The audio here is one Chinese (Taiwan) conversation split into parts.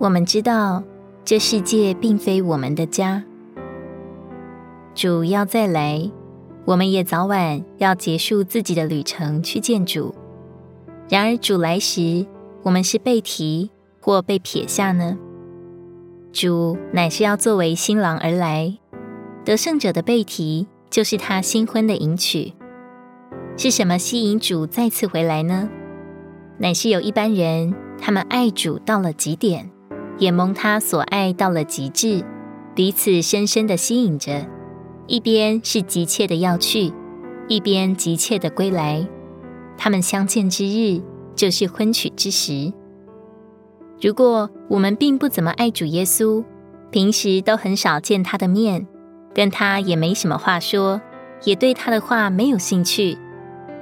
我們知道，這世界並非我們的家。主要再來，我們也早晚要結束自己的旅程去見主。然而，主來時，我們是被提或被撇下呢？主乃是要作為新郎而來，得勝者的被提就是他新婚的迎娶。是什麼吸引主再次回來呢？乃是有一班人，他們愛主到了極點。也蒙他所愛到了極致，彼此深深的吸引着，一邊是急切的要去，一邊急切的歸來。他們相見之日，就是婚娶之時。如果我們並不怎麼愛主耶穌，平時都很少見他的面，跟他也沒什麼話說，也對他的話沒有興趣，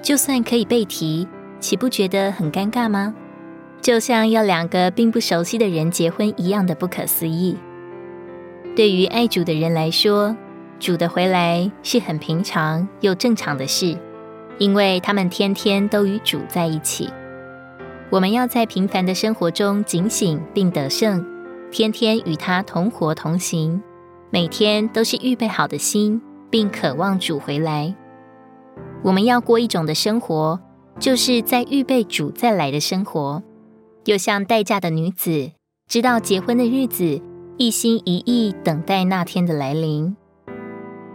就算可以被提，豈不覺得很尷尬嗎？就像要兩個並不熟悉的人結婚一樣的不可思議。對於愛主的人來說，主的回來是很平常又正常的事，因為他們天天都與主在一起。我們要在平凡的生活中警醒並得勝，天天與他同活同行，每天都是預備好的心，並渴望主回來。我們要過一種的生活，就是在預備主再來的生活。又像待嫁的女子，直到結婚的日子，一心一意等待那天的來臨。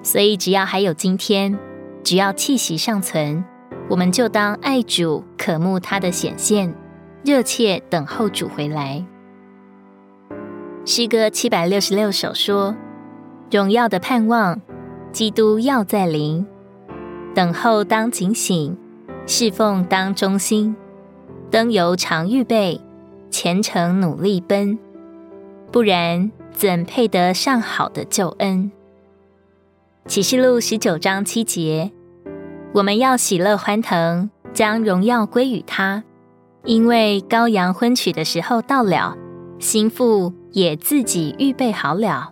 所以，只要還有今天，只要氣息尚存，我們就當愛主，渴慕他的顯現，熱切等候主回來。詩歌七百六十六首說：“榮耀的盼望，基督要再臨，等候當警醒，侍奉當忠心。”燈油常預備，虔誠努力奔，不然怎配得上好的救恩？啟示錄十九章七節，我們要喜樂歡騰，將榮耀歸與他，因為羔羊婚娶的時候到了，新婦也自己預備好了。